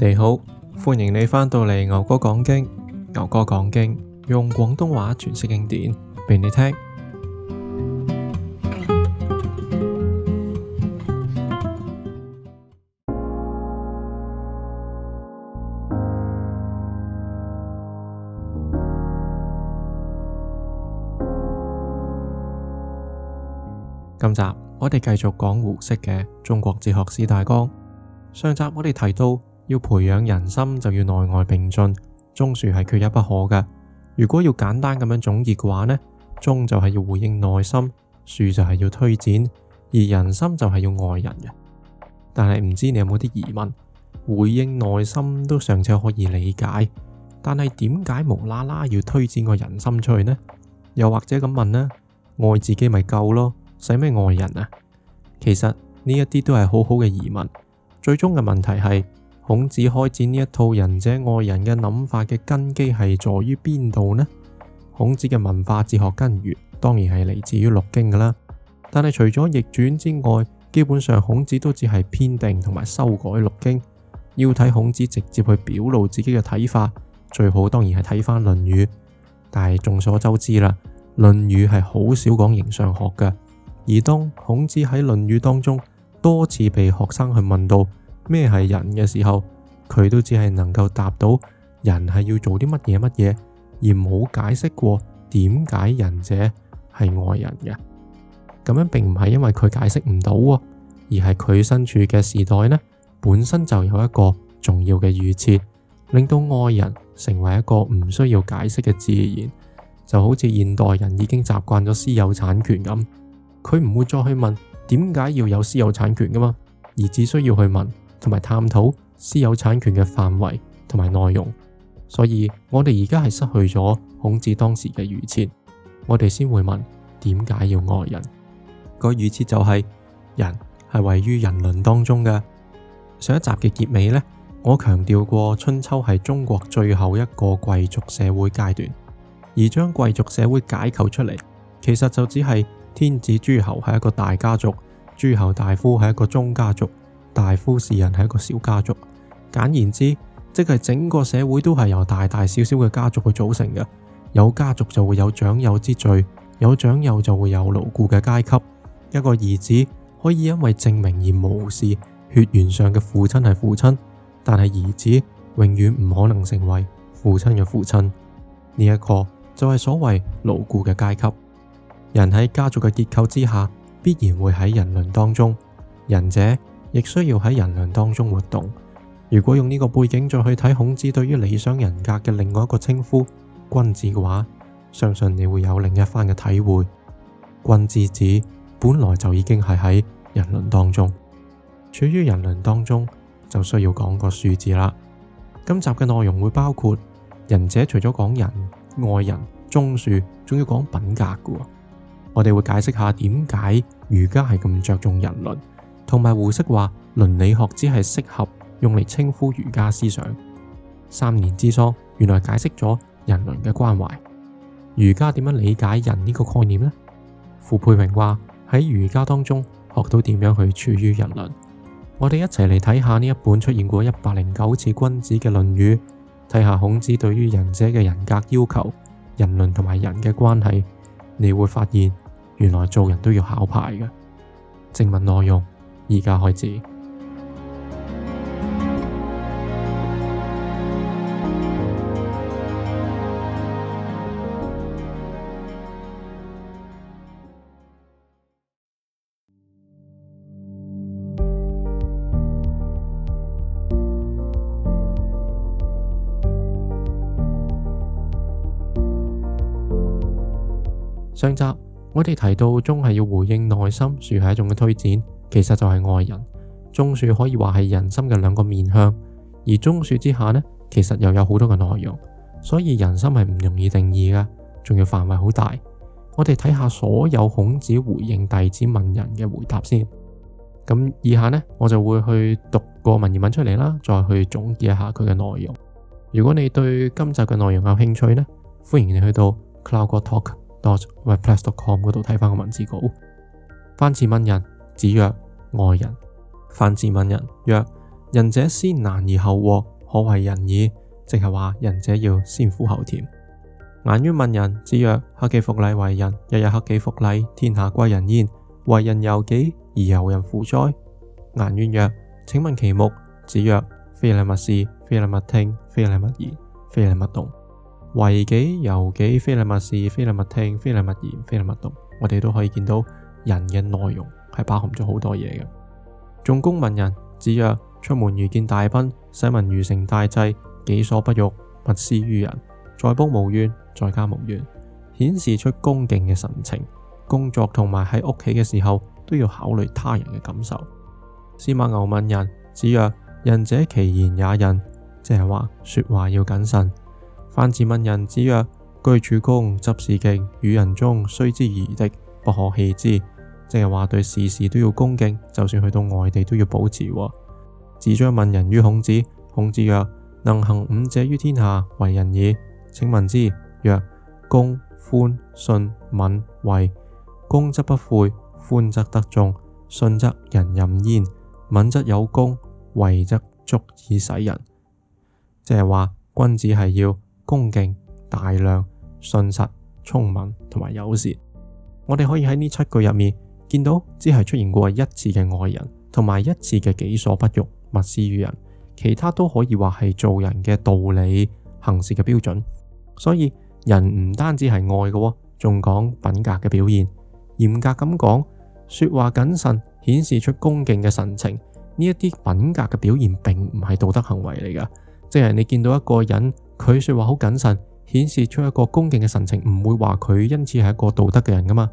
你好，歡迎你翻到嚟牛哥講經。牛哥講經，用廣東話詮釋經典畀你聽。今集我哋繼續講胡適嘅中國哲學史大綱。上集我哋提到，要培養仁心，就要內外並進，忠恕係缺一不可嘅。如果要簡單咁樣總結嘅話呢，忠就係要回應內心，恕就係要推展，而仁心就係要愛人嘅。但係唔知你有冇啲疑問？回應內心都尚且可以理解，但係點解無啦啦要推展個仁心出去呢？又或者咁問呢，愛自己咪夠咯，使咩愛人啊？其實呢一啲都係好好嘅疑問。最終嘅問題係。孔子開展呢一套仁者愛人嘅諗法嘅根基係在於邊度呢？孔子嘅文化哲學根源當然係嚟自於六經噶啦，但係除咗易傳之外，基本上孔子都只係編訂同埋修改六經。要睇孔子直接去表露自己嘅睇法，最好當然係睇返《論語》，但係眾所周知啦，《論語》係好少講形上學嘅。而當孔子喺《論語》當中多次被學生去問到。咩係仁嘅時候，佢都只係能夠答到仁係要做啲乜嘢乜嘢，而冇解釋過點解仁者係愛人嘅。咁樣並唔係因為佢解釋唔到，而係佢身處嘅時代呢，本身就有一個重要嘅預設，令到愛人成為一個唔需要解釋嘅自然。就好似現代人已經習慣咗私有產權咁，佢唔會再去問點解要有私有產權噶嘛，而只需要去問。同埋探討私有產權嘅範圍同埋內容，所以我哋而家係失去咗孔子當時嘅預設，我哋先會問點解要愛人。個預設就係、是、人係位於人倫當中嘅。上一集嘅結尾呢，我強調過春秋係中國最後一個貴族社會階段，而將貴族社會解構出嚟，其實就只係天子諸侯係一個大家族，諸侯大夫係一個中家族。大夫士人係一個小家族，簡言之，即係整個社會都係由大大小小嘅家族去組成嘅。有家族就會有長幼之序，有長幼就會有牢固嘅階級。一個兒子可以因為正名而無視血緣上嘅父親係父親，但係兒子永遠唔可能成為父親嘅父親。呢、這、一個就係所謂牢固嘅階級。人喺家族嘅結構之下，必然會喺人倫當中，仁者，亦需要喺人倫當中活動。如果用呢個背景再去睇孔子對於理想人格嘅另外一個稱呼君子嘅話，相信你會有另一番嘅體會。君之子本來就已經係喺人倫當中，處於人倫當中就需要講個恕字啦。今集嘅內容會包括仁者除咗講人、愛人、忠恕，仲要講品格嘅。我哋會解釋下點解儒家係咁着重人倫。同埋，胡適話倫理學只係適合用嚟稱呼儒家思想。三年之喪，原來解釋咗人倫嘅關懷。儒家點樣理解人呢個概念呢？傅佩榮話喺儒家當中學到點樣去處於人倫。我哋一齊嚟睇下呢一本出現過一百零九次君子嘅《論語》，睇下孔子對於仁者嘅人格要求、人倫同埋人嘅關係，你會發現原來做人都要考牌嘅。正文內容。而家開始。上集我哋提到，忠係要回應內心，恕係一種嘅推展。其實就係愛人，忠恕可以話係仁心嘅兩個面向，而忠恕之下呢，其實又有好多嘅內容，所以仁心係唔容易定義噶，仲要範圍好大。我哋睇下所有孔子回應弟子問仁嘅回答先。咁以下呢，我就會去讀個文言文出嚟啦，再去總結一下佢嘅內容。如果你對今集嘅內容有興趣呢，歡迎你去到 cowgortalk.wordpress.com 度睇翻個文字稿，翻字問仁。子曰：愛人。樊遲問仁，曰：仁者先難而後獲，可謂仁矣。即係話仁者要先苦後甜。顏淵問仁，子曰：克己復禮為仁，日日克己復禮，天下歸仁焉。為仁由己，而由人乎哉？顏淵曰：請問其目。子曰：非禮勿視，非禮勿聽，非禮勿言，非禮勿動。為己由己，非禮勿視，非禮勿聽，非禮勿言，非禮勿動。我哋都可以見到人嘅內容。係包含咗好多嘢嘅。仲公問人，子曰：出門如見大賓，使民如成大祭。己所不欲，勿施於人。在邦無怨，在家無怨，顯示出恭敬嘅神情。工作同埋喺屋企嘅時候，都要考慮他人嘅感受。司馬牛問人，子曰：仁者其言也仁。即係話說話要謹慎。范遲問人，子曰：居處公執事敬，與人中雖之夷的，不可棄之。即係話對事事都要恭敬，就算去到外地都要保持。子張問仁於孔子，孔子曰：能行五者於天下，為仁矣。請問之，曰：恭、寬、信、敏、惠。恭則不侮，寬則得眾，信則人任焉，敏則有功，惠則足以使人。即係話，君子係要恭敬、大量、信實、聰敏同埋友善。我哋可以喺呢七句入面。見到只係出現過一次嘅愛人，同埋一次嘅己所不欲，勿施於人，其他都可以話係做人嘅道理、行事嘅標準。所以人唔單止係愛嘅，仲講品格嘅表現。嚴格咁講，說話謹慎，顯示出恭敬嘅神情，呢一啲品格嘅表現，並唔係道德行為嚟㗎。即係你見到一個人，佢說話好謹慎，顯示出一個恭敬嘅神情，唔會話佢因此係一個道德嘅人㗎嘛。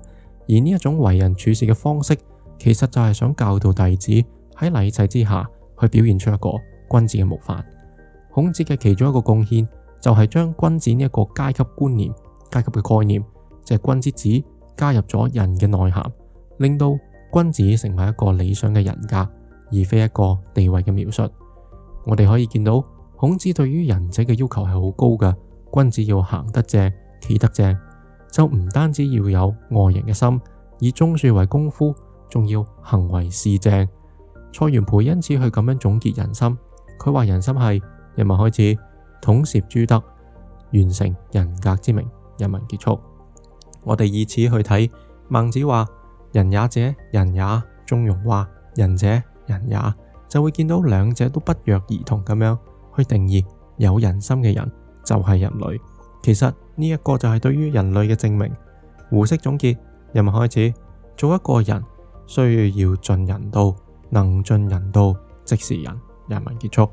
而呢一種為人處事嘅方式，其實就係想教導弟子喺禮制之下去表現出一個君子嘅模範。孔子嘅其中一個貢獻就係將君子呢一個階級觀念、階級嘅概念，即係君子字加入咗人嘅內涵，令到君子成為一個理想嘅人格，而非一個地位嘅描述。我哋可以見到，孔子對於仁者嘅要求係好高㗎，君子要行得正，企得正。就唔單止要有外型嘅心，以忠恕為功夫，仲要行為是正。蔡元培因此去咁樣總結仁心，佢話仁心係人民開始統攝諸德，完成人格之名，人民結束。我哋以此去睇孟子話仁也者，人也；中庸話仁者，人也，就會見到兩者都不約而同咁樣去定義有仁心嘅人就係人類。其實呢一，這個就係對於人類嘅證明。胡適總結：人民開始做一個人，需要盡人道，能盡人道，即是人。人民結束，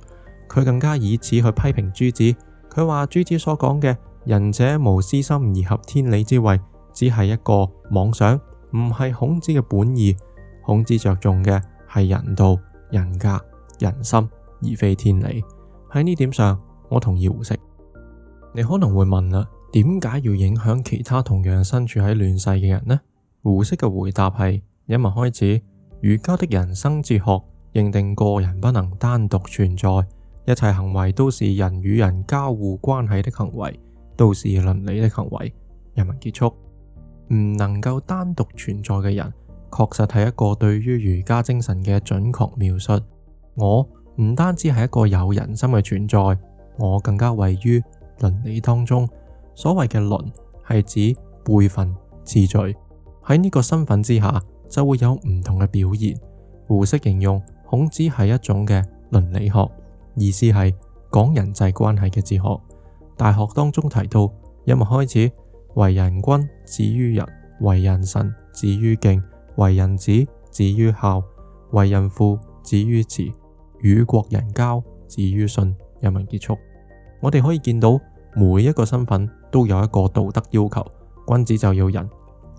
佢更加以此去批評朱子。佢話朱子所講嘅“仁者無私心而合天理之謂”只係一個妄想，唔係孔子嘅本意。孔子着重嘅係人道、人格、人心，而非天理。喺呢點上，我同意胡適。你可能會問啦，點解要影響其他同樣身處喺亂世嘅人呢？胡適嘅回答係：引文開始儒家的人生哲學，認定個人不能單獨存在，一切行為都是人與人交互關係的行為，都是倫理的行為。引文結束唔能夠單獨存在嘅人，確實係一個對於儒家精神嘅準確描述。我唔單止係一個有人心嘅存在，我更加位於。倫理當中，所謂嘅倫係指輩份次序，喺呢個身份之下，就會有唔同嘅表現。胡適形容孔子係一種嘅倫理學，意思係講人際關係嘅哲學。大學當中提到，引文開始，為人君止於仁；為人臣止於敬，為人子止於孝，為人父止於慈，與國人交止於信。引文結束，我哋可以見到。每一個身份都有一個道德要求，君子就要仁，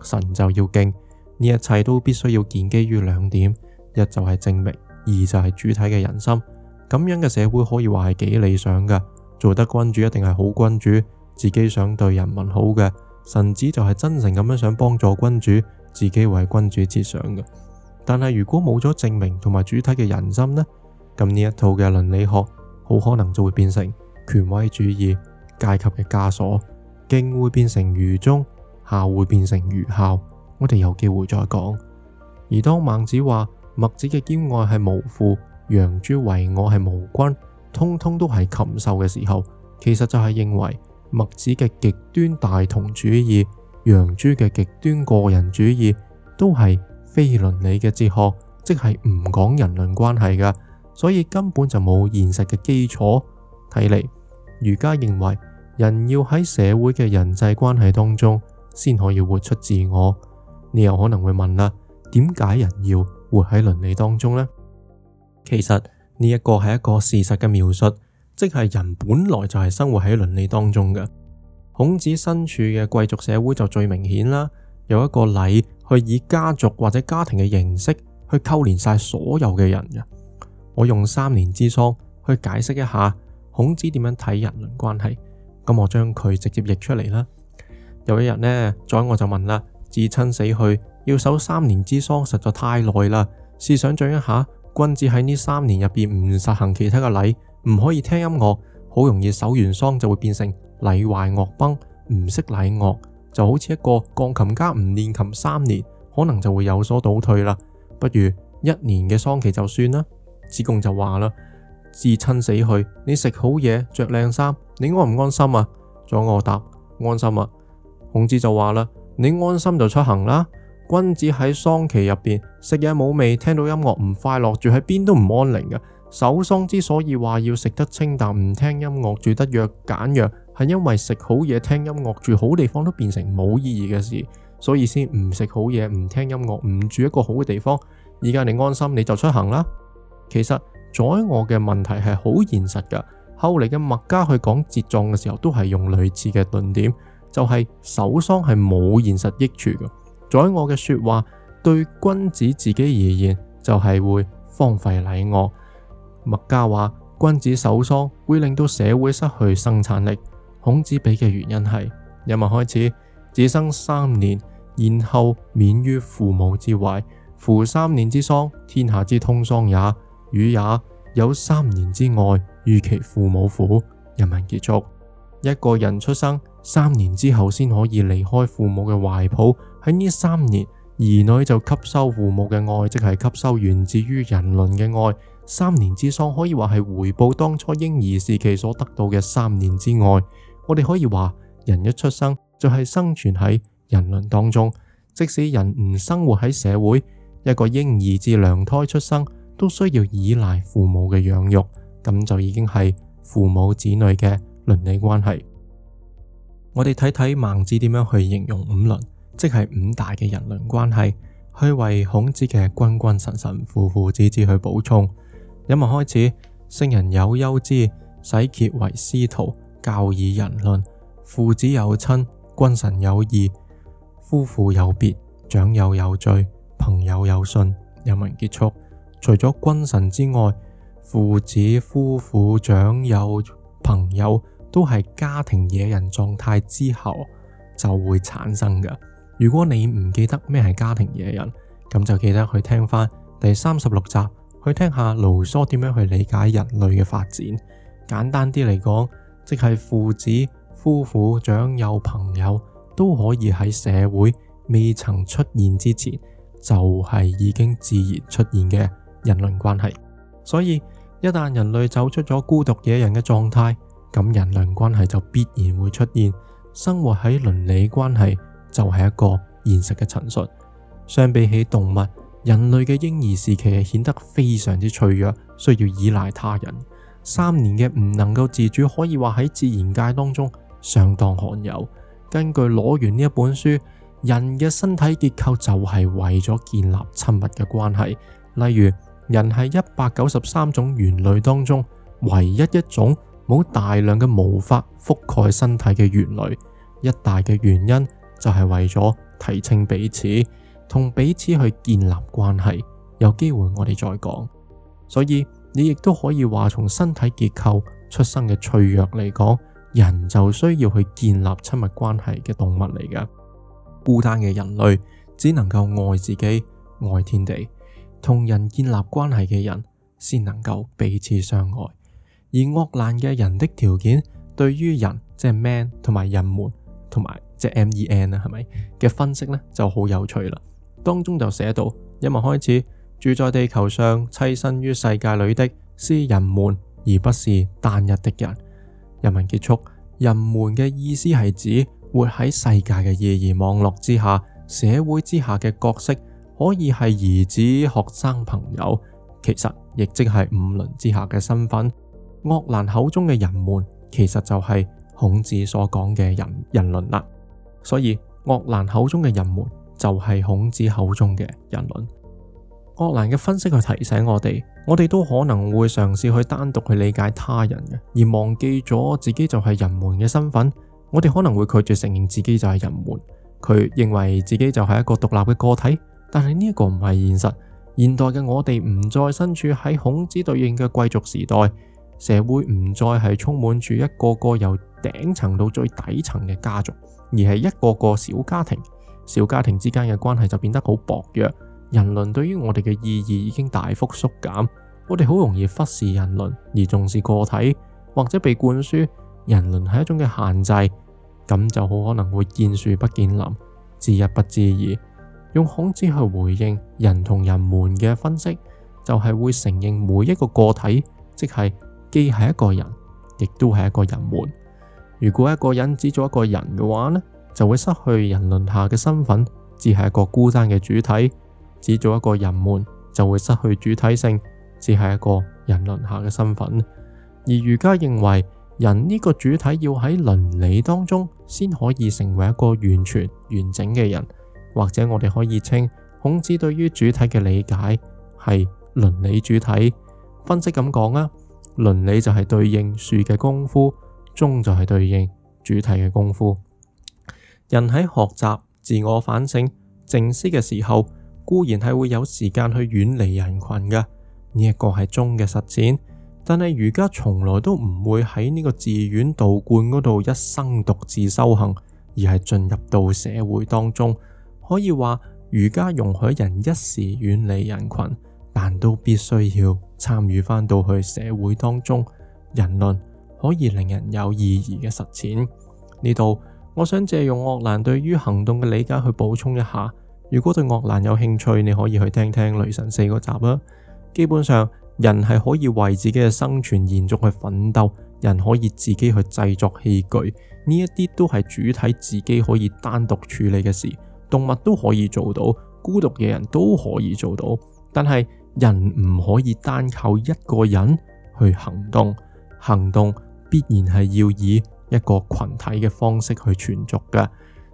臣就要敬，呢一切都必須要建基於兩點：一就係正名，二就係主體嘅人心。咁樣嘅社會可以話係幾理想噶，做得君主一定係好君主，自己想對人民好嘅臣子就係真誠咁樣想幫助君主，自己為君主着想嘅。但係如果冇咗正名同埋主體嘅人心呢？咁呢一套嘅倫理學好可能就會變成權威主義。階級嘅枷鎖，敬會變成愚忠，孝會變成愚孝。我哋有機會再講。而當孟子話墨子嘅兼愛係無父，楊朱為我係無君，通通都係禽獸嘅時候，其實就係認為墨子嘅極端大同主義，楊朱嘅極端個人主義，都係非倫理嘅哲學，即係唔講人倫關係嘅，所以根本就冇現實嘅基礎。睇嚟，儒家認為。人要喺社會嘅人際關係當中，先可以活出自我。你又可能會問啦，點解人要活喺倫理當中呢？其實呢一個係一個事實嘅描述，即係人本來就係生活喺倫理當中嘅。孔子身處嘅貴族社會就最明顯啦，有一個禮去以家族或者家庭嘅形式去扣連晒所有嘅人嘅。我用三年之喪去解釋一下，孔子點樣睇人倫關係。咁我將佢直接譯出嚟啦。有一日呢，宰我就問啦：至親死去，要守三年之喪實在太耐啦。試想象一下，君子喺呢三年入邊唔實行其他嘅禮，唔可以聽音樂，好容易守完喪就會變成禮壞樂崩，唔識禮樂，就好似一個鋼琴家唔練琴三年，可能就會有所倒退啦。不如一年嘅喪期就算啦。子貢就話啦。至親死去，你食好嘢，着靚衫，你安唔安心啊？左我答安心啊。孔子就話啦：「你安心就出行啦。」君子喺喪期入邊食嘢冇味，聽到音樂唔快樂，住喺邊都唔安寧嘅。守喪之所以話要食得清淡，唔聽音樂，住得約簡約，係因為食好嘢、聽音樂、住好地方都變成冇意義嘅事，所以先唔食好嘢、唔聽音樂、唔住一個好嘅地方。而家你安心，你就出行啦。其實。宰我嘅問題係好現實噶。後嚟嘅墨家去講節葬嘅時候，都係用類似嘅論點，就係守喪係冇現實益處嘅。宰我嘅說話對君子自己而言就係、是、會荒廢禮樂。墨家話君子守喪會令到社會失去生產力。孔子俾嘅原因係：人民開始子生三年，然後免於父母之懷，夫三年之喪，天下之通喪也。與也有三年之愛與其父母苦人民結束。一個人出生三年之後，先可以離開父母嘅懷抱。喺呢三年，兒女就吸收父母嘅愛，即係吸收源自於人倫嘅愛。三年之喪可以話係回報當初嬰兒時期所得到嘅三年之愛。我哋可以話，人一出生就係生存喺人倫當中，即使人唔生活喺社會，一個嬰兒至娘胎出生，都需要依賴父母嘅養育，咁就已經係父母子女嘅倫理關係。我哋睇睇孟子點樣去形容五倫，即係五大嘅人倫關係，去為孔子嘅君君臣臣、父父子子，子去補充。引文開始，聖人有憂之，使契為司徒，教以人倫；父子有親，君臣有義，夫婦有別，長幼有序；朋友有信。引文結束。除咗君臣之外，父子、夫婦、長幼、朋友都係家庭野人狀態之後就會產生嘅。如果你唔記得咩係家庭野人，咁就記得去聽翻第三十六集，去聽下盧梭點樣去理解人類嘅發展。簡單啲嚟講，即係父子、夫婦、長幼、朋友都可以喺社會未曾出現之前就係已經自然出現嘅。人倫關係，所以一旦人類走出咗孤獨野人嘅狀態，咁人倫關係就必然會出現。生活喺倫理關係就係一個現實嘅陳述。相比起動物，人類嘅嬰兒時期係顯得非常之脆弱，需要依賴他人。三年嘅唔能夠自主，可以話喺自然界當中相當罕有。根據攞完呢一本書，人嘅身體結構就係為咗建立親密嘅關係，例如。人係一百九十三種原類當中唯一一種冇大量嘅毛髮覆蓋身體嘅原類，一大嘅原因就係為咗提清彼此，同彼此去建立關係。有機會我哋再講，所以你亦都可以話從身體結構出生嘅脆弱嚟講，人就需要去建立親密關係嘅動物嚟㗎。孤單嘅人類只能夠愛自己，愛天地。同人建立關係嘅人，先能夠彼此相愛。而惡難嘅人的條件，對於人即係 man 同埋人們，同埋即係 men 啊，係咪嘅分析呢就好有趣啦。當中就寫到，一文開始，住在地球上棲身於世界裏的是人們，而不是單一的人。人文結束，人們嘅意思係指活喺世界嘅意義網絡之下、社會之下嘅角色。可以係兒子、學生、朋友，其實亦即係五倫之下嘅身份。鄂蘭口中嘅人們，其實就係孔子所講嘅人人倫啦。所以，鄂蘭口中嘅人們就係、是、孔子口中嘅人倫。鄂蘭嘅分析去提醒我哋，我哋都可能會嘗試去單獨去理解他人嘅，而忘記咗自己就係人們嘅身份。我哋可能會拒絕承認自己就係人們，佢認為自己就係一個獨立嘅個體。但係呢一個唔係現實，現代嘅我哋唔再身處喺孔子對應嘅貴族時代，社會唔再係充滿住一個個由頂層到最底層嘅家族，而係一個個小家庭，小家庭之間嘅關係就變得好薄弱，人倫對於我哋嘅意義已經大幅縮減，我哋好容易忽視人倫而重視個體，或者被灌輸人倫係一種嘅限制，咁就好可能會見樹不見林，知一不知二。用孔子去回應人同人倫嘅分析，就係會承認每一個個體，即係既係一個人，亦都係一個人倫。如果一個人只做一個人嘅話呢，就會失去人倫下嘅身份，只係一個孤單嘅主體；只做一個人倫就會失去主體性，只係一個人倫下嘅身份。而儒家認為，人呢個主體要喺倫理當中先可以成為一個完全完整嘅人。或者我哋可以稱孔子對於主體嘅理解係倫理主體。分析咁講啊，倫理就係對應恕嘅功夫，忠就係對應主體嘅功夫。人喺學習、自我反省、靜思嘅時候，固然係會有時間去遠離人群嘅，呢一個係忠嘅實踐，但係儒家從來都唔會喺呢個寺院道觀嗰度一生獨自修行，而係進入到社會當中。可以話，儒家容許人一時遠離人群，但都必須要參與返到去社會當中人倫，可以令人有意義嘅實踐。呢度我想借用鄂蘭對於行動嘅理解去補充一下。如果對鄂蘭有興趣，你可以去聽聽《雷神》四個集啦。基本上，人係可以為自己嘅生存延續去奮鬥，人可以自己去製作器具，呢一啲都係主體自己可以單獨處理嘅事。動物都可以做到，孤獨嘅人都可以做到，但係人唔可以單靠一個人去行動，行動必然係要以一個群體嘅方式去存續嘅。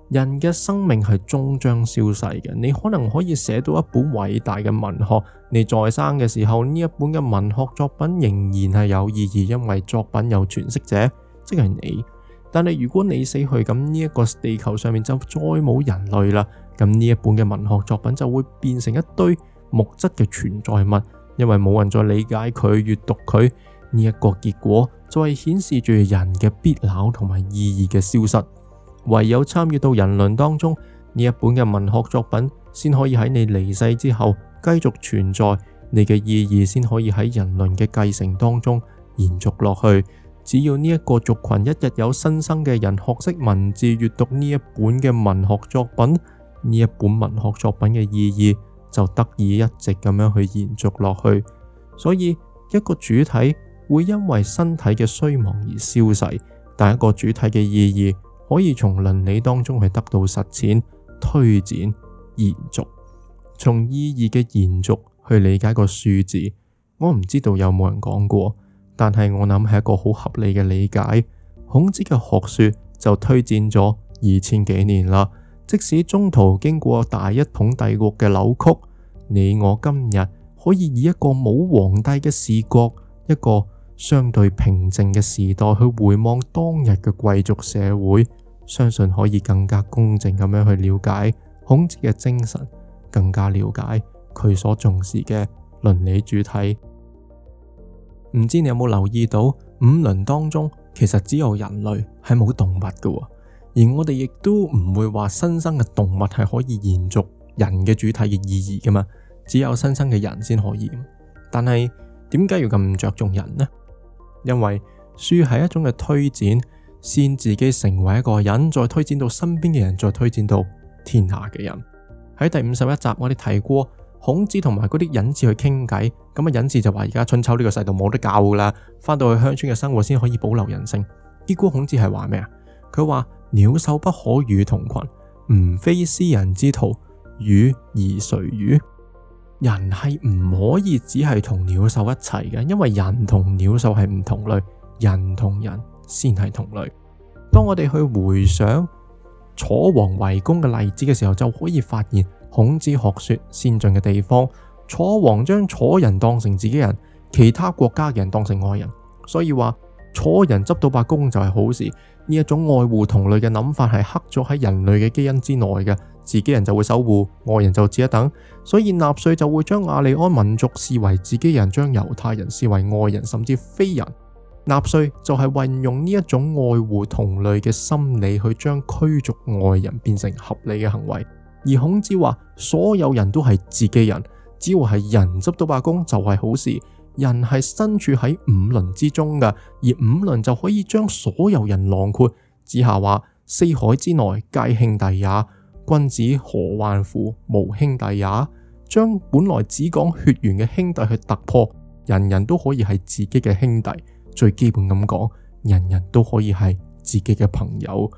人嘅生命係終將消逝嘅，你可能可以寫到一本偉大嘅文學，你在生嘅時候，呢一本嘅文學作品仍然係有意義，因為作品有詮釋者，即係你。但係如果你死去，咁呢一個地球上面就再冇人類啦。咁呢一本嘅文學作品就會變成一堆木質嘅存在物，因為冇人再理解佢、閱讀佢。呢、這、一個結果就係顯示住人嘅必朽同埋意義嘅消失。唯有參與到人倫當中，呢一本嘅文學作品先可以喺你離世之後繼續存在，你嘅意義先可以喺人倫嘅繼承當中延續落去。只要呢一個族群一日有新生嘅人學識文字閱讀呢一本嘅文學作品，呢一本文學作品嘅意義就得以一直咁樣去延續落去。所以一個主體會因為身體嘅衰亡而消逝，但一個主體嘅意義可以從倫理當中去得到實踐、推展、延續。從意義嘅延續去理解個恕字，我唔知道有冇人講過。但係我諗係一個好合理嘅理解，孔子嘅學說就推薦咗二千幾年啦。即使中途經過大一統帝國嘅扭曲，你我今日可以以一個冇皇帝嘅視角，一個相對平靜嘅時代去回望當日嘅貴族社會，相信可以更加公正咁樣去了解孔子嘅精神，更加了解佢所重視嘅倫理主體。唔知你有冇留意到五倫當中，其實只有人類係冇動物嘅。哦，而我哋亦都唔會話新生嘅動物係可以延續人嘅主體嘅意義噶嘛，只有新生嘅人先可以。但係點解要咁着重人呢？因為恕係一種嘅推展，先自己成為一個人，再推展到身邊嘅人，再推展到天下嘅人。喺第五十一集，我哋睇過。孔子同埋嗰啲隱士去傾偈，咁啊隱士就話：而家春秋呢個世道冇得教噶啦，翻到去鄉村嘅生活先可以保留人性。結果孔子係話咩啊？佢話：鳥獸不可與同群，吾非斯人之徒與而誰與？人係唔可以只係同鳥獸一齊嘅，因為人同鳥獸係唔同類，人同人先係同類。當我哋去回想楚王遺弓嘅例子嘅時候，就可以發現。孔子學說先進嘅地方，楚王將楚人當成自己人，其他國家嘅人當成外人，所以話楚人執到把弓就係好事。呢一種愛護同類嘅諗法係刻咗喺人類嘅基因之內嘅，自己人就會守護，外人就只一等。所以納粹就會將亞利安民族視為自己人，將猶太人視為外人甚至非人。納粹就係運用呢一種愛護同類嘅心理去將驅逐外人變成合理嘅行為。而孔子話：所有人都係自己人，只要係人執到罷工就係好事。人係身處喺五倫之中嘅，而五倫就可以將所有人囊括。子夏話：四海之內皆兄弟也，君子何患乎無兄弟也？將本來只講血緣嘅兄弟去突破，人人都可以係自己嘅兄弟。最基本咁講，人人都可以係自己嘅朋友。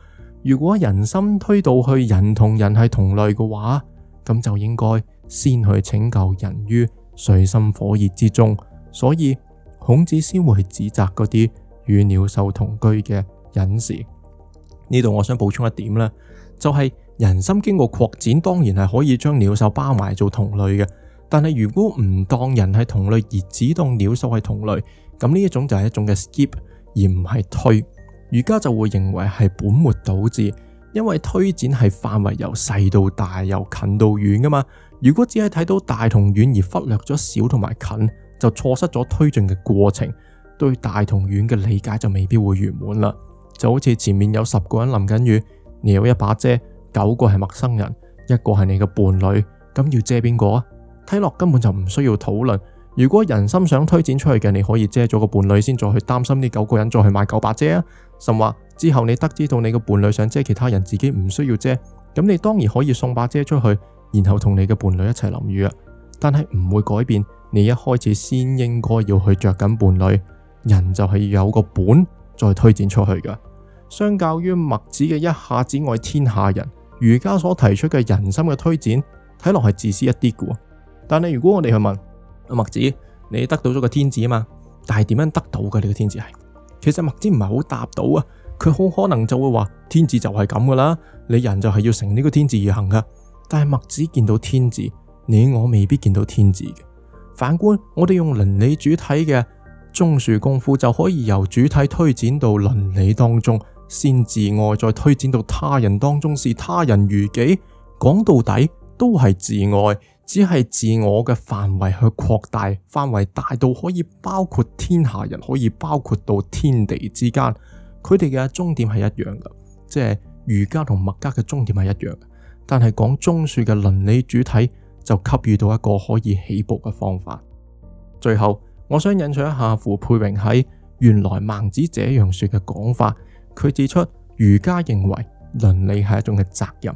如果人心推到去人同人係同類嘅話，咁就應該先去拯救人於水深火熱之中，所以孔子先會去指責嗰啲與鳥獸同居嘅隱士。呢度我想補充一點啦，就係人心經過擴展，當然係可以將鳥獸包埋做同類嘅，但係如果唔當人係同類而只當鳥獸係同類，咁呢一種就係一種嘅 skip 而唔係推。而家就會認為係本末倒置，因為推展係範圍由細到大，由近到遠噶嘛。如果只係睇到大同遠而忽略咗小同埋近，就錯失咗推進嘅過程，對大同遠嘅理解就未必會圓滿啦。就好似前面有十個人淋緊雨，你有一把遮，九個係陌生人，一個係你嘅伴侶，咁要遮邊個啊？睇落根本就唔需要討論。如果仁心想推展出去嘅，你可以遮咗個伴侶先，再去擔心呢九個人，再去買九把遮啊。甚或之後，你得知到你嘅伴侶想遮其他人，自己唔需要遮，咁你當然可以送把遮出去，然後同你嘅伴侶一齊淋雨啊。但係唔會改變你一開始先應該要去着緊伴侶。人就係要有個本，再推展出去噶。相較於墨子嘅一下子愛天下人，儒家所提出嘅仁心嘅推展，睇落係自私一啲噶。但係如果我哋去問，墨子，你得到咗個天子啊嘛？但係點樣得到嘅？你、這個天子係，其實墨子唔係好答到啊。佢好可能就會話：天子就係咁噶啦，你人就係要成呢個天子而行噶。但係墨子見到天子，你我未必見到天子嘅。反觀我哋用倫理主體嘅忠恕功夫，就可以由主體推展到倫理當中，先自愛，再推展到他人當中，是他人如己，講到底都係自愛。只係自我嘅範圍去擴大，範圍大到可以包括天下人，可以包括到天地之間。佢哋嘅終點係一樣嘅，即係儒家同墨家嘅終點係一樣。但係講忠恕嘅倫理主體，就給予到一個可以起步嘅方法。最後，我想引述一下傅佩榮喺《原來孟子這樣說》嘅講法。佢指出，儒家認為倫理係一種嘅責任。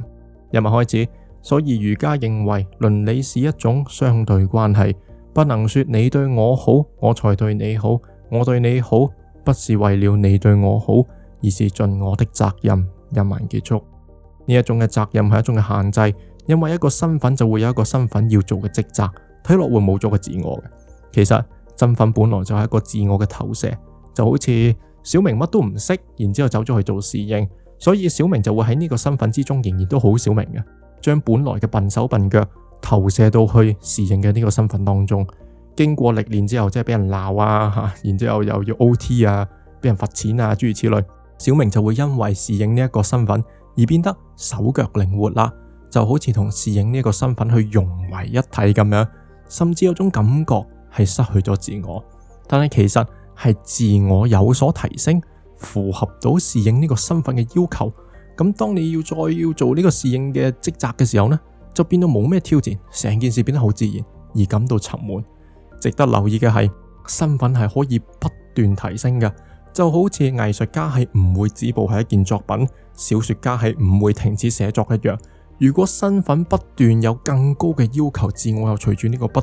一物開始。所以儒家認為倫理是一種相對關係，不能說你對我好，我才對你好。我對你好不是為了你對我好，而是盡我的責任。引文結束呢一種嘅責任係一種嘅限制，因為一個身份就會有一個身份要做嘅職責，睇落會冇咗個自我嘅。其實身份本來就係一個自我嘅投射，就好似小明乜都唔識，然之後走咗去做侍應，所以小明就會喺呢個身份之中仍然都好小明嘅。將本來嘅笨手笨腳投射到去侍應嘅呢個身份當中，經過歷練之後，即係俾人鬧啊吓，然之後又要 OT 啊，俾人罰錢啊，諸如此類，小明就會因為侍應呢一個身份而變得手腳靈活啦、啊，就好似同侍應呢個身份去融為一體咁樣，甚至有種感覺係失去咗自我，但係其實係自我有所提升，符合到侍應呢個身份嘅要求。咁當你要再要做呢個侍應嘅職責嘅時候呢，就變到冇咩挑戰，成件事變得好自然而感到沉悶。值得留意嘅係，身份係可以不斷提升嘅，就好似藝術家係唔會止步喺一件作品，小說家係唔會停止寫作一樣。如果身份不斷有更高嘅要求，自我又隨住呢個不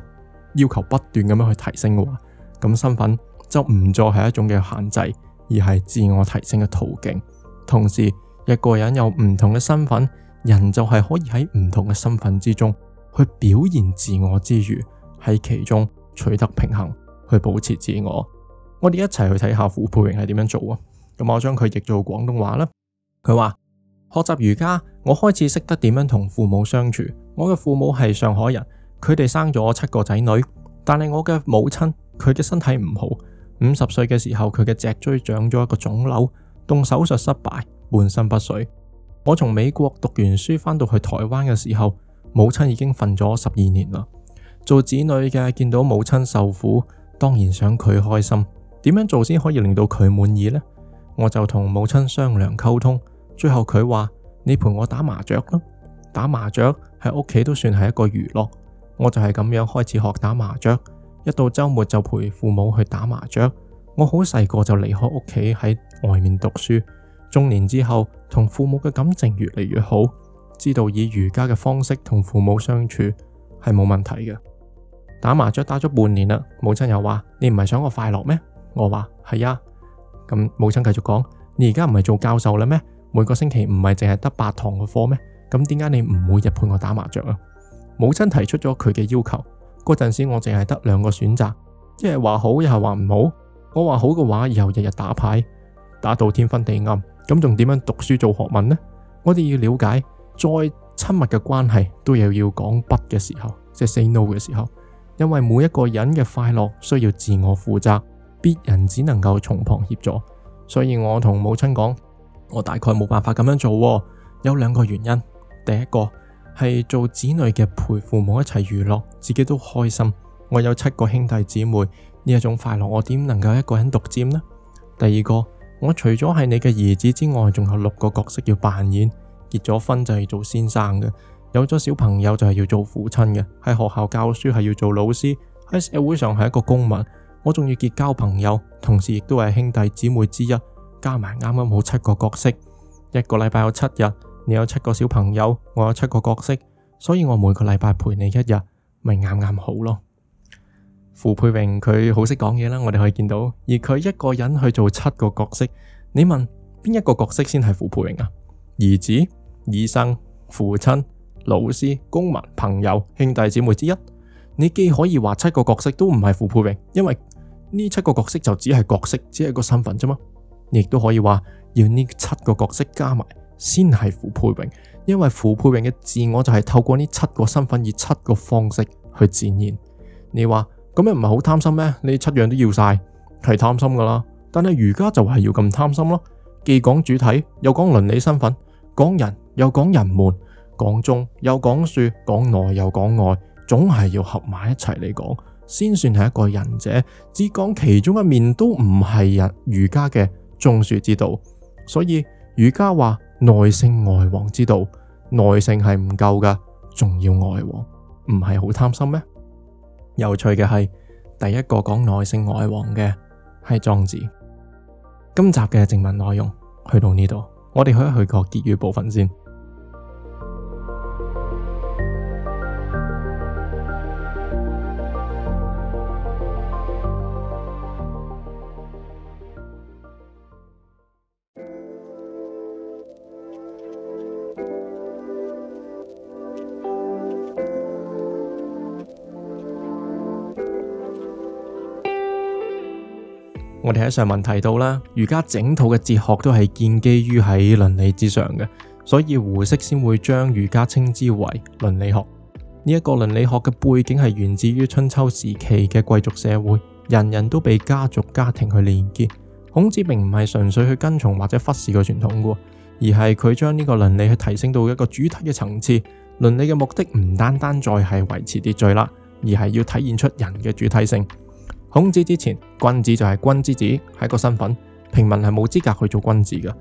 要求不斷咁樣去提升嘅話，咁身份就唔再係一種嘅限制，而係自我提升嘅途徑，同時。一個人有唔同嘅身份，人就係可以喺唔同嘅身份之中去表現自我之餘，喺其中取得平衡，去保持自我。我哋一齊去睇下傅佩榮係點樣做啊。咁我將佢譯做廣東話啦。佢話學習儒家，我開始識得點樣同父母相處。我嘅父母係上海人，佢哋生咗七個仔女，但係我嘅母親佢嘅身體唔好，五十歲嘅時候佢嘅脊椎長咗一個腫瘤，動手術失敗，半身不遂。我從美國讀完書翻到去台灣嘅時候，母親已經瞓咗十二年啦。做子女嘅見到母親受苦，當然想佢開心。點樣做先可以令到佢滿意呢？我就同母親商量溝通，最後佢話：你陪我打麻雀啦。打麻雀喺屋企都算係一個娛樂。我就係咁樣開始學打麻雀。一到周末就陪父母去打麻雀。我好細個就離開屋企喺外面讀書。中年之後，同父母嘅感情越嚟越好，知道以儒家嘅方式同父母相處係冇問題嘅。打麻雀打咗半年啦，母親又話，你唔係想我快樂咩？我話，係啊。咁母親繼續講，你而家唔係做教授啦咩？每個星期唔係淨係得八堂嘅課咩？咁點解你唔每日陪我打麻雀啊？母親提出咗佢嘅要求，嗰陣時我淨係得兩個選擇，一係話好，一係話唔好。我話好嘅話，以後日日打牌，打到天昏地暗。咁仲點樣讀書做學問呢？我哋要了解，再親密嘅關係都有要講不嘅時候，即係 say no 嘅時候，因為每一個人嘅快樂需要自我負責，別人只能夠從旁協助。所以我同母親講，我大概冇辦法咁樣做喎，有兩個原因。第一個係做子女嘅陪父母一齊娛樂，自己都開心。我有七個兄弟姊妹，呢一種快樂我點能夠一個人獨佔呢？第二個。我除咗係你嘅兒子之外，仲有六個角色要扮演。結咗婚就係做先生嘅，有咗小朋友就係要做父親嘅，喺學校教書係要做老師，喺社會上係一個公民。我仲要結交朋友，同時亦都係兄弟姊妹之一。加埋啱啱好七個角色，一個禮拜有七日，你有七個小朋友，我有七個角色，所以我每個禮拜陪你一日，咪啱啱好咯。傅佩榮佢好識講嘢啦，我哋可以見到，而佢一個人去做七個角色，你問邊一個角色先係傅佩榮啊？兒子、醫生、父親、老師、公民、朋友、兄弟姐妹之一，你既可以話七個角色都唔係傅佩榮，因為呢七個角色就只係角色，只係一個身份啫嘛。你亦都可以話要呢七個角色加埋先係傅佩榮，因為傅佩榮嘅自我就係透過呢七個身份以七個方式去展現。你話？咁樣唔係好貪心咩？你七樣都要晒，係貪心噶啦。但係儒家就係要咁貪心咯，既講主體，又講倫理身份，講人又講人倫，講忠又講恕，講內又講外，總係要合埋一齊嚟講，先算係一個仁者。只講其中一面都唔係人。儒家嘅忠恕之道，所以儒家話內聖外王之道，內聖係唔夠噶，仲要外王，唔係好貪心咩？有趣嘅係，第一個講內聖外王嘅係莊子。今集嘅正文內容去到呢度，我哋去一去個結語部分先。我哋喺上文提到啦，儒家整套嘅哲學都係建基於喺倫理之上嘅，所以胡適先會將儒家稱之為倫理學。呢、這、一個倫理學嘅背景係源自於春秋時期嘅貴族社會，人人都被家族、家庭去連結。孔子並唔係純粹去跟從或者忽視個傳統嘅，而係佢將呢個倫理去提升到一個主體嘅層次。倫理嘅目的唔單單再係維持秩序啦，而係要體現出人嘅主體性。孔子之前，君子就係君之子，子，係一個身份，平民係冇資格去做君子嘅。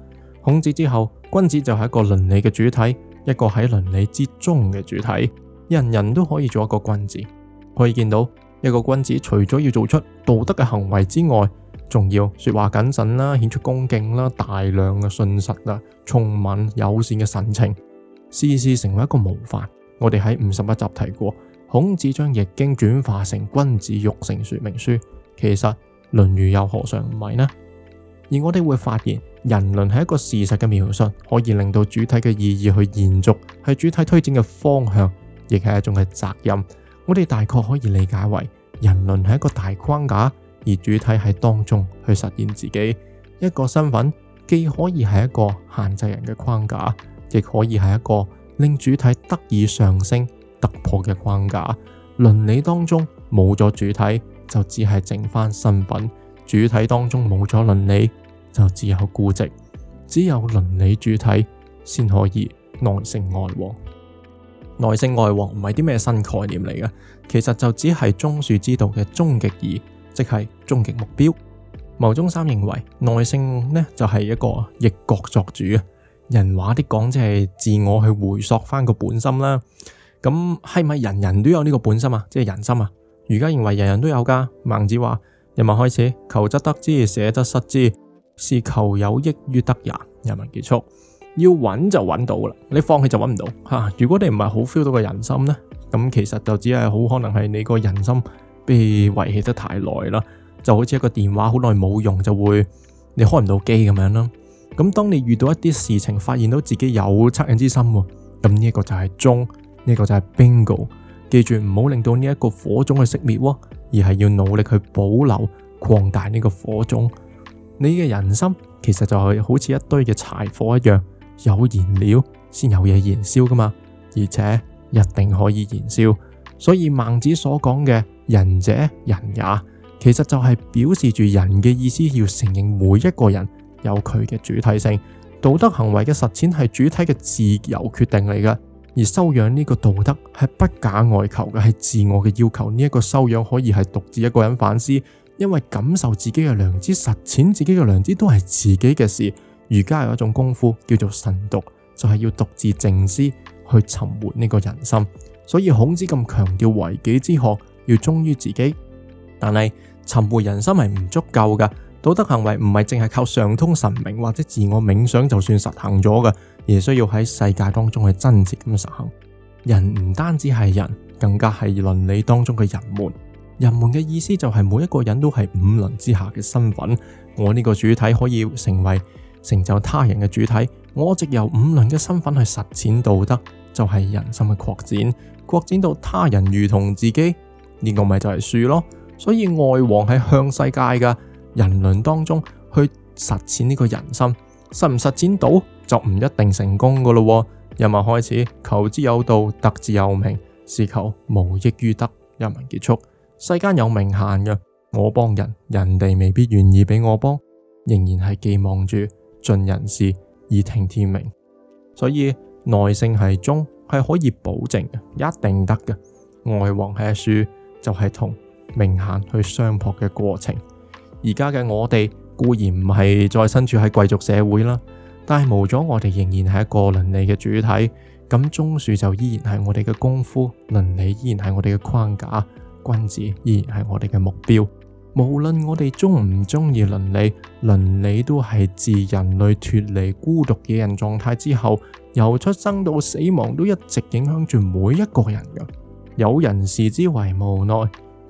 孔子之後，君子就係一個倫理嘅主體，一個喺倫理之中嘅主體，人人都可以做一個君子。可以見到一個君子，除咗要做出道德嘅行為之外，仲要說話謹慎啦，顯出恭敬啦，大量嘅信實啦，充滿友善嘅神情，時時成為一個模範。我哋喺五十一集提過。孔子將《易經》轉化成君子育成說明書，其實《論語》又何嘗唔係呢？而我哋會發現，人倫係一個事實嘅描述，可以令到主體嘅意義去延續，係主體推展嘅方向，亦係一種嘅責任。我哋大概可以理解為，人倫係一個大框架，而主體喺當中去實現自己。一個身份既可以係一個限制人嘅框架，亦可以係一個令主體得以上升突破嘅框架。倫理當中冇咗主體，就只係剩翻新品；主體當中冇咗倫理，就只有固執。只有倫理主體先可以內聖外王。內聖外王唔係啲咩新概念嚟嘅，其實就只係中樹之道嘅終極義，即係終極目標。牟宗三認為內聖呢就係、是、一個逆覺作主啊，人話啲講即係自我去回溯翻個本心啦。咁係咪人人都有呢個本心啊？即係人心啊？儒家認為人人都有噶孟子話：人民開始求則得之，捨則失之，是求有益於得也。人民結束要揾就揾到啦，你放棄就揾唔到吓。如果你唔係好 feel 到個人心咧，咁其實就只係好可能係你個人心被遺棄得太耐啦，就好似一個電話好耐冇用就會你開唔到機咁樣啦。咁當你遇到一啲事情，發現到自己有惻隱之心，咁呢一個就係忠。呢個就係 bingo，記住唔好令到呢一個火種去熄滅喎、哦，而係要努力去保留、擴大呢個火種。你嘅人心其實就係好似一堆嘅柴火一樣，有燃料先有嘢燃燒噶嘛，而且一定可以燃燒。所以孟子所講嘅仁者人也，其實就係表示住人嘅意思，要承認每一個人有佢嘅主體性，道德行為嘅實踐係主體嘅自由決定嚟噶。而修養呢個道德係不假外求嘅，係自我嘅要求。呢、這、一個修養可以係獨自一個人反思，因為感受自己嘅良知、實踐自己嘅良知都係自己嘅事。儒家有一種功夫叫做慎獨，就係、是、要獨自靜思去尋回呢個人心。所以孔子咁強調為己之學要忠於自己，但係尋回人心係唔足夠㗎。道德行為唔係淨係靠上通神明或者自我冥想就算實行咗嘅，亦需要喺世界當中去真切咁實行。人唔單止係人，更加係倫理當中嘅人們。人們嘅意思就係每一個人都係五倫之下嘅身份。我呢個主體可以成為成就他人嘅主體。我直由五倫嘅身份去實踐道德，就係人心嘅擴展，擴展到他人如同自己。呢個咪就係恕咯。所以外王係向世界噶。人倫當中去實踐呢個人心，實唔實踐到就唔一定成功噶咯、哦。一文開始，求之有道，得之有命，是求無益於得。一文結束，世間有名限嘅，我幫人，人哋未必願意俾我幫，仍然係寄望住盡人事而聽天命。所以內聖係忠係可以保證嘅，一定得嘅。外王係恕就係、是、同名限去相撲嘅過程。而家嘅我哋固然唔係再身處喺貴族社會啦，但係無咗我哋仍然係一個倫理嘅主體。咁忠恕就依然係我哋嘅功夫，倫理依然係我哋嘅框架，君子依然係我哋嘅目標。無論我哋中唔中意倫理，倫理都係自人類脫離孤獨嘅人狀態之後，由出生到死亡都一直影響住每一個人嘅。有人視之為無奈，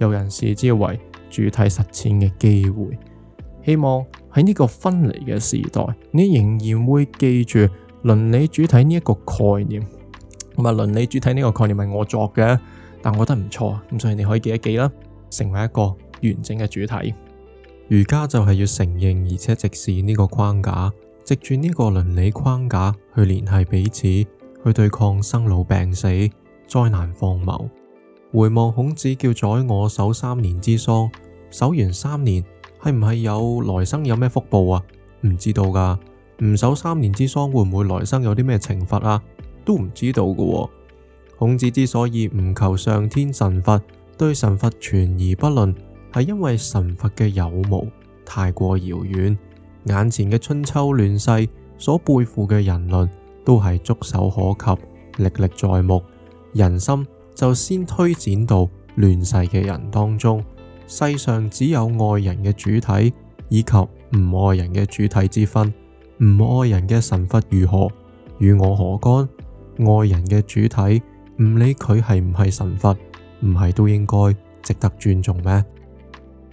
有人視之為。主體實踐嘅機會，希望喺呢個分離嘅時代，你仍然會記住倫理主體呢一個概念。咁啊，倫理主體呢個概念係我作嘅，但我覺得唔錯，咁所以你可以記一記啦，成為一個完整嘅主體。儒家就係要承認而且直視呢個框架，藉住呢個倫理框架去聯繫彼此，去對抗生老病死、災難荒謬。回望孔子叫宰我守三年之喪，守完三年係唔係有來生，有咩福報啊？唔知道噶。唔守三年之喪會唔會來生有啲咩懲罰啊？都唔知道噶喎。孔子之所以唔求上天神佛，對神佛存而不論，係因為神佛嘅有無太過遙遠，眼前嘅春秋亂世所背負嘅人倫都係觸手可及，歷歷在目，人心。就先推展到亂世嘅人當中，世上只有愛人嘅主體以及唔愛人嘅主體之分。唔愛人嘅神佛如何？與我何干？愛人嘅主體，唔理佢係唔係神佛，唔係都應該值得尊重咩？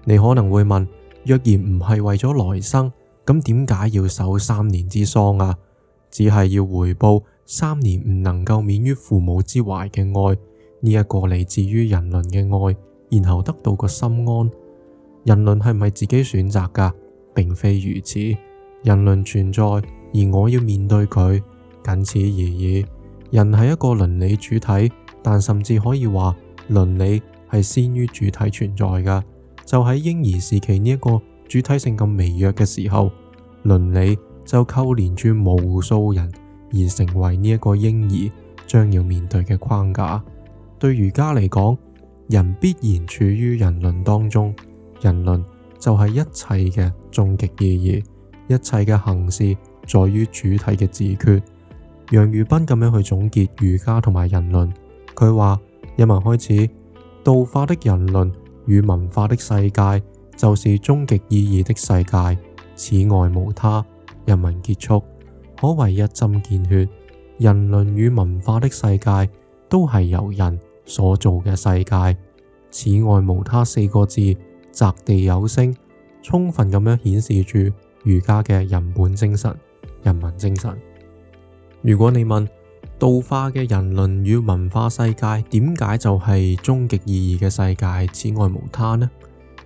你可能會問：若然唔係為咗來生，咁點解要守三年之喪啊？只係要回報三年唔能夠免於父母之懷嘅愛。呢一個嚟自於人倫嘅愛，然後得到個心安。人倫係咪自己選擇噶？並非如此。人倫存在，而我要面對佢，僅此而已。人係一個倫理主體，但甚至可以話倫理係先於主體存在嘅。就喺嬰兒時期呢一個主體性咁微弱嘅時候，倫理就勾連住無數人，而成為呢一個嬰兒將要面對嘅框架。對儒家嚟講，人必然處於人倫當中，人倫就係一切嘅終極意義，一切嘅行事在於主體嘅自決。楊儒賓咁樣去總結儒家同埋人倫，佢話一文開始道化的人倫與文化的世界就是終極意義的世界，此外無他。人民結束，可謂一針見血。人倫與文化的世界都係由人。所做嘅世界，此外無他四個字，擲地有聲，充分咁樣顯示住儒家嘅人本精神、人文精神。如果你問道化嘅人倫與文化世界點解就係終極意義嘅世界，此外無他呢？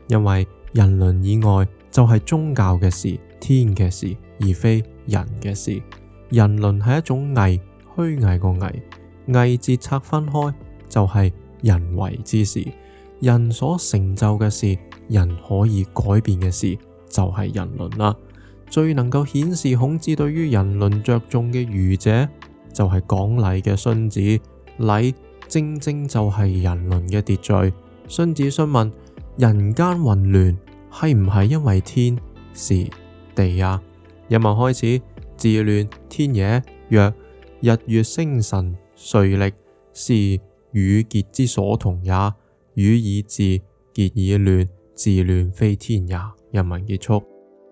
因為人倫以外就係宗教嘅事、天嘅事，而非人嘅事。人倫係一種偽虛偽個偽偽字拆分開。就係人為之事，人所成就嘅事，人可以改變嘅事，就係、是、人倫啦。最能夠顯示孔子對於人倫着重嘅儒者，就係講禮嘅荀子禮，禮正正就係人倫嘅秩序。荀子詢問人間混亂係唔係因為天時地啊？人民開始治亂天邪，曰日月星辰瑞曆是？禹桀之所同也，禹以治，桀以亂，治亂非天也。引文結束，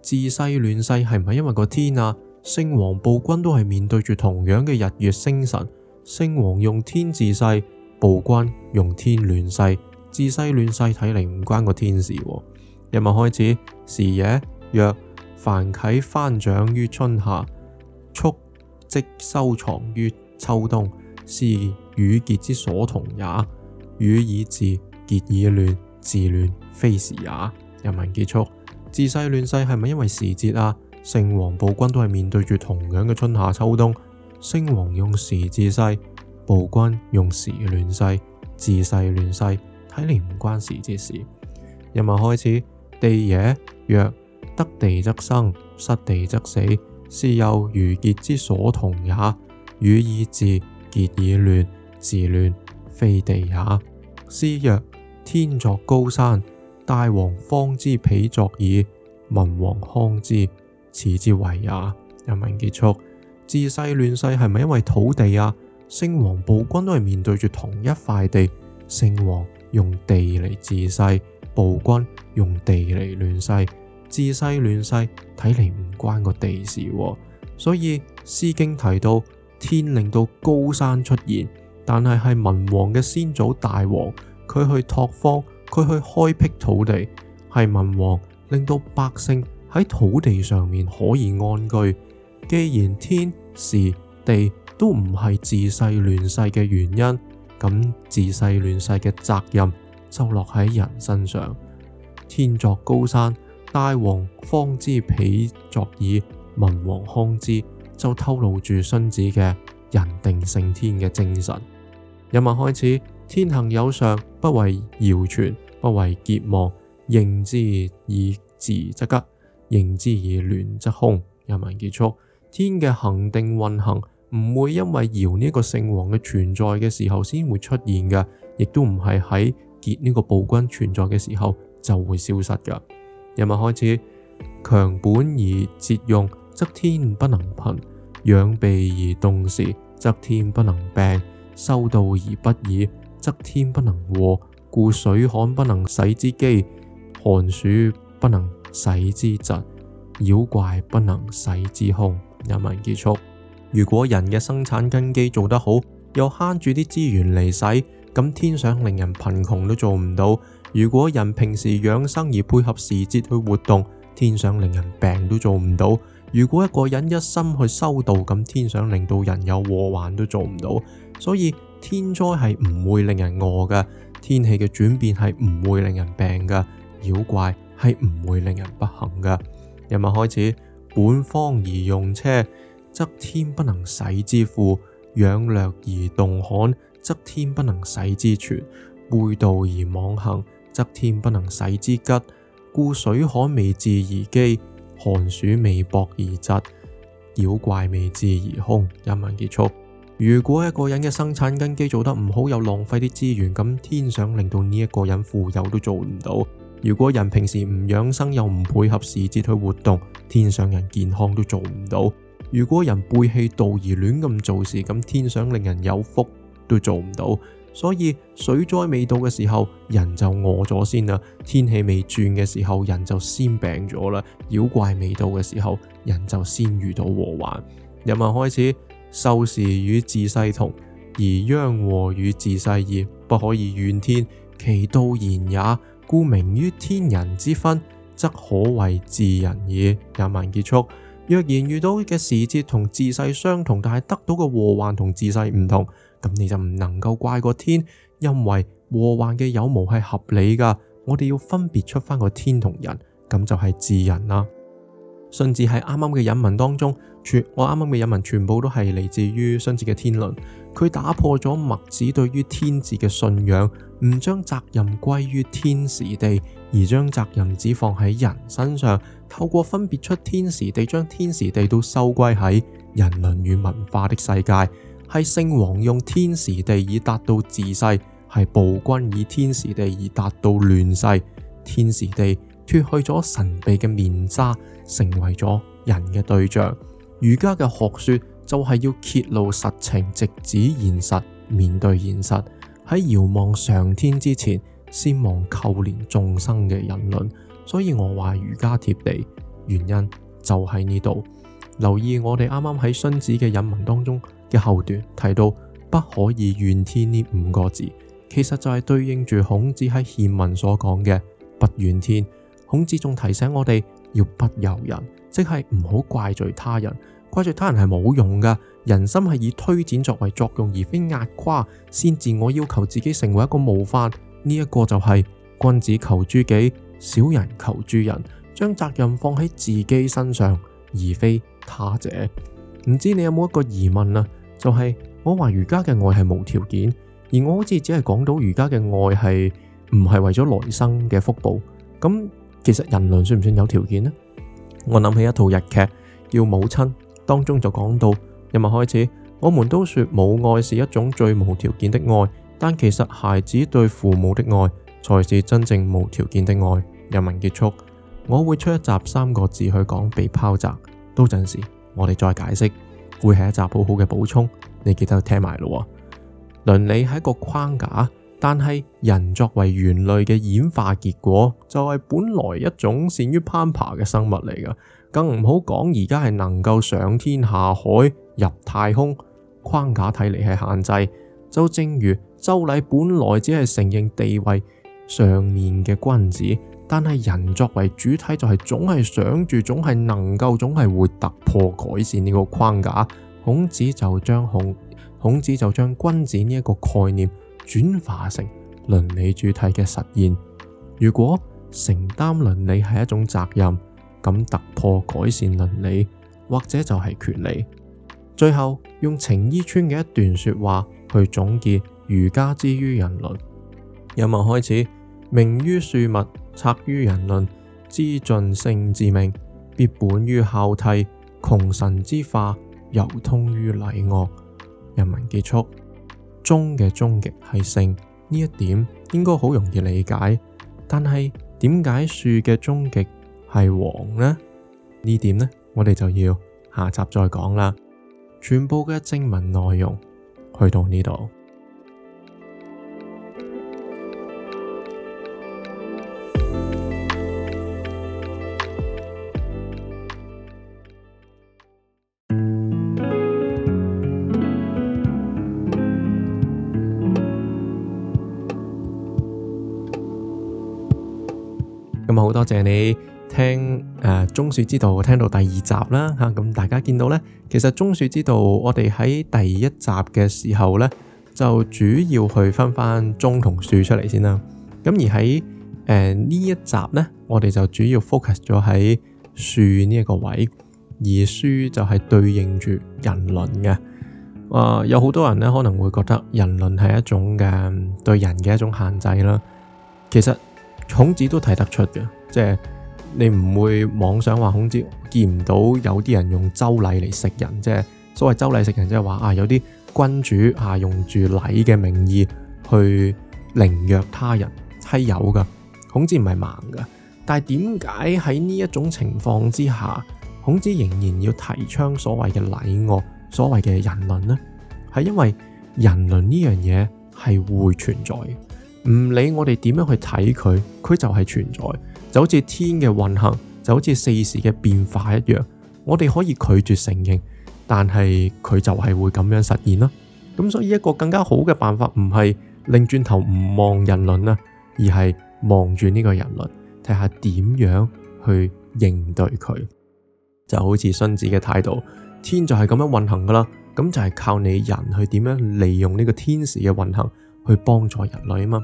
治世亂世係唔係因為個天啊？聖王暴君都係面對住同樣嘅日月星辰，聖王用天治世，暴君用天亂世，治世亂世睇嚟唔關個天事喎。引文開始，時邪，曰：「繁啟蕃長於春夏，畜積收藏於秋冬，是。禹桀之所同也，禹以治，桀以亂，治亂非時也。人民結束，治世亂世係咪因為時節啊？聖王暴君都係面對住同樣嘅春夏秋冬，聖王用時治世，暴君用時亂世，治世亂世睇嚟唔關時之事。人民開始，地也，曰得地則生，失地則死，是又禹桀之所同也，禹以治，桀以亂。自亂非地也。詩曰：天作高山，大王方之彼作矣。文王康之，此之為也。人民結束，自世亂世係咪因為土地啊？聖王暴君都係面對住同一塊地，聖王用地嚟自世，暴君用地嚟亂世，自世亂世睇嚟唔關個地事，啊。所以詩經提到天令到高山出現。但係係文王嘅先祖大王，佢去拓荒，佢去開闢土地，係文王令到百姓喺土地上面可以安居。既然天時地都唔係治世亂世嘅原因，咁治世亂世嘅責任就落喺人身上。天作高山，大王荒之彼作矣，文王康之就透露住孫子嘅人定勝天嘅精神。引文開始，天行有常，不為堯存，不為桀亡。應之以治則吉，應之以亂則凶。引文結束，天嘅恒定運行唔會因為堯呢個聖王嘅存在嘅時候先會出現嘅，亦都唔係喺桀呢個暴君存在嘅時候就會消失噶。引文開始，強本而節用，則天不能貧。養備而動時，則天不能病；修道而不已，則天不能禍。故水旱不能使之饑，寒暑不能使之疾，妖怪不能使之凶。人民結束。如果人嘅生產根基做得好，又慳住啲資源嚟使，咁天上令人貧窮都做唔到；如果人平時養生而配合時節去活動，天上令人病都做唔到。如果一個人一心去修道，咁天想令到人有禍患都做唔到，所以天災係唔會令人餓嘅，天氣嘅轉變係唔會令人病嘅，妖怪係唔會令人不幸嘅。原文開始，本方而用車，則天不能使之富；養略而動罕，則天不能使之全；背道而妄行，則天不能使之吉。故水旱未至而飢。寒暑未薄而疾，妖怪未至而凶。一文結束。如果一個人嘅生產根基做得唔好，又浪費啲資源，咁天想令到呢一個人富有都做唔到。如果人平時唔養生又唔配合時節去活動，天想人健康都做唔到。如果人背棄道而亂咁做事，咁天想令人有福都做唔到。所以水災未到嘅時候，人就餓咗先啦；天氣未轉嘅時候，人就先病咗啦；妖怪未到嘅時候，人就先遇到禍患。一文開始，受時與治世同，而殃禍與治世異，不可以怨天，其道然也。故明於天人之分，則可謂至人矣。一文結束，若然遇到嘅時節同治世相同，但係得到嘅禍患同治世唔同。咁你就唔能夠怪個天，因為禍患嘅有無係合理噶。我哋要分別出翻個天同人，咁就係至人啦。荀子喺啱啱嘅引文當中，全我啱啱嘅引文全部都係嚟自於荀子嘅天論，佢打破咗墨子對於天字嘅信仰，唔將責任歸於天時地，而將責任只放喺人身上。透過分別出天時地，將天時地都收歸喺人倫與文化的世界。係聖王用天時地以達到治世，係暴君以天時地以達到亂世。天時地脱去咗神秘嘅面紗，成為咗人嘅對象。儒家嘅學說就係要揭露實情，直指現實，面對現實。喺遙望上天之前，先望扣連眾生嘅人倫。所以我話儒家貼地，原因就喺呢度。留意我哋啱啱喺荀子嘅引文當中，嘅後段提到不可以怨天呢五個字，其實就係對應住孔子喺《憲問》所講嘅不怨天。孔子仲提醒我哋要不尤人，即係唔好怪罪他人，怪罪他人係冇用噶。人心係以推展作為作用，而非壓垮，先自我要求自己成為一個模範。呢、這、一個就係君子求諸己，小人求諸人，將責任放喺自己身上，而非他者。唔知你有冇一個疑問啊？就係、是、我話儒家嘅愛係無條件，而我好似只係講到儒家嘅愛係唔係為咗來生嘅福報。咁其實人倫算唔算有條件呢？我諗起一套日劇叫《母親》，當中就講到：日文開始，我們都說母愛是一種最無條件的愛，但其實孩子對父母的愛才是真正無條件的愛。日文結束，我會出一集三個字去講被拋擲，到陣時我哋再解釋。會係一集好好嘅補充，你記得要聽埋咯。倫理係一個框架，但係人作為猿類嘅演化結果，就係、是、本來一種善於攀爬嘅生物嚟噶，更唔好講而家係能夠上天下海入太空。框架睇嚟係限制，就正如周禮本來只係承認地位上面嘅君子，但係人作為主體就係，總係想住，總係能夠，總係會突破改善呢個框架。孔子就將孔孔子就將君子呢一個概念轉化成倫理主體嘅實現。如果承擔倫理係一種責任，咁突破改善倫理或者就係權利。最後用程伊川嘅一段說話去總結儒家之於人倫。今文開始。明於庶物，察於人倫，知盡性自命，必本於孝悌，窮神之化，由通於禮樂。人民結束，忠嘅終極係性。呢一點應該好容易理解，但係點解恕嘅終極係王呢？呢點呢，我哋就要下集再講啦。全部嘅正文內容去到呢度。好多謝你聽誒《忠、呃、恕之道》，聽到第二集啦吓，咁、啊啊、大家見到呢？其實《忠恕之道》我哋喺第一集嘅時候呢，就主要去分翻忠同恕出嚟先啦。咁、啊、而喺誒呢一集呢，我哋就主要 focus 咗喺恕呢一個位，而恕就係對應住人倫嘅。啊，有好多人呢，可能會覺得人倫係一種嘅對人嘅一種限制啦。其實。孔子都睇得出嘅，即係你唔會妄想話孔子見唔到有啲人用周禮嚟食人，即係所謂周禮食人，即係話啊有啲君主啊用住禮嘅名義去凌虐他人，係有噶。孔子唔係盲噶，但係點解喺呢一種情況之下，孔子仍然要提倡所謂嘅禮樂，所謂嘅人倫呢？係因為人倫呢樣嘢係會存在。唔理我哋點樣去睇佢，佢就係存在，就好似天嘅運行，就好似四時嘅變化一樣。我哋可以拒絕承認，但係佢就係會咁樣實現啦。咁所以一個更加好嘅辦法，唔係擰轉頭唔望人倫啊，而係望住呢個人倫，睇下點樣去應對佢。就好似荀子嘅態度，天就係咁樣運行噶啦，咁就係靠你人去點樣利用呢個天時嘅運行去幫助人類啊嘛。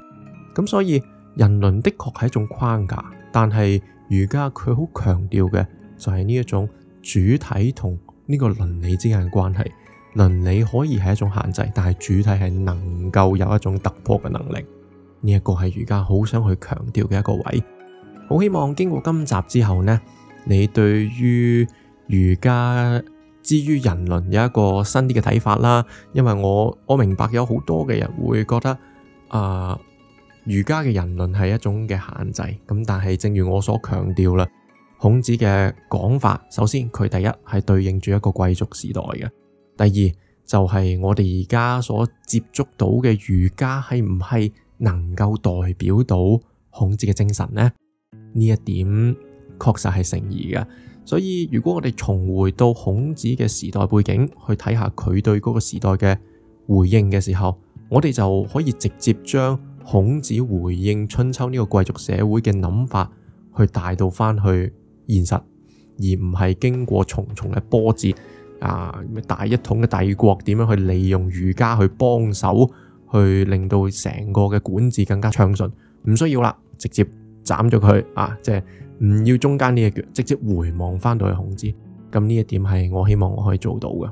咁所以人倫的確係一種框架，但係儒家佢好強調嘅就係呢一種主體同呢個倫理之間嘅關係。倫理可以係一種限制，但係主體係能夠有一種突破嘅能力。呢一個係儒家好想去強調嘅一個位。好希望經過今集之後呢，你對於儒家之於人倫有一個新啲嘅睇法啦。因為我我明白有好多嘅人會覺得啊。呃儒家嘅人倫係一種嘅限制，咁但係，正如我所強調啦，孔子嘅講法，首先佢第一係對應住一個貴族時代嘅，第二就係、是、我哋而家所接觸到嘅儒家係唔係能夠代表到孔子嘅精神呢？呢一點確實係成疑嘅。所以如果我哋重回到孔子嘅時代背景去睇下佢對嗰個時代嘅回應嘅時候，我哋就可以直接將。孔子回應春秋呢個貴族社會嘅諗法，去帶到翻去現實，而唔係經過重重嘅波折啊，大一統嘅帝國點樣去利用儒家去幫手，去令到成個嘅管治更加暢順，唔需要啦，直接斬咗佢啊！即係唔要中間呢一橛，直接回望翻到去孔子，咁呢一點係我希望我可以做到嘅。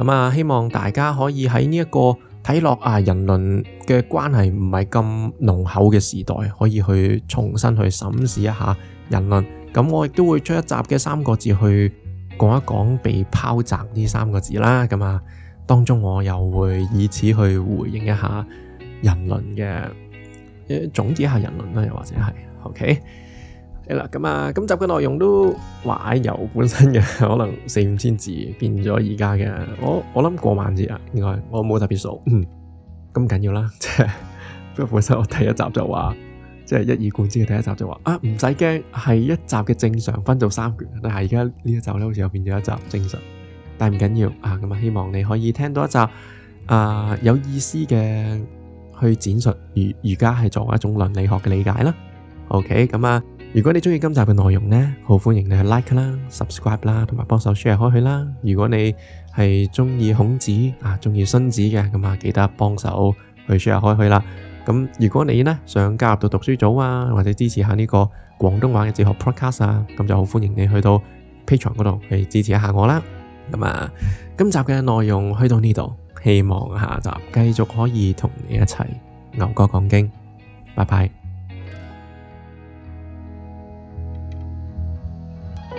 咁啊，希望大家可以喺呢一個睇落啊，人倫嘅關係唔係咁濃厚嘅時代，可以去重新去審視一下人倫。咁我亦都會出一集嘅三個字去講一講被拋擲呢三個字啦。咁啊，當中我又會以此去回應一下人倫嘅，總結一下人倫啦，又或者係，OK。啦咁啊，咁、嗯、今集嘅內容都哇由本身嘅，可能四五千字變咗而家嘅。我我諗過萬字啊，應該我冇特別數，嗯咁緊要啦。即係不過本身我第一集就話，即係一以貫之嘅第一集就話啊，唔使驚係一集嘅正常分，分做三卷。但係而家呢一集咧，好似又變咗一集正常，但唔緊要啊。咁啊，希望你可以聽到一集啊有意思嘅去展述儒儒家係作為一種倫理學嘅理解啦。OK，咁啊。如果你中意今集嘅內容咧，好歡迎你去 like 啦、subscribe 啦，同埋幫手 share 開去啦。如果你係中意孔子啊、中意荀子嘅，咁啊記得幫手去 share 開去啦。咁如果你咧想加入到讀書組啊，或者支持下呢個廣東話嘅哲學 podcast 啊，咁就好歡迎你去到 patreon 嗰度去支持一下我啦。咁啊，今集嘅內容去到呢度，希望下集繼續可以同你一齊牛哥講經，拜拜。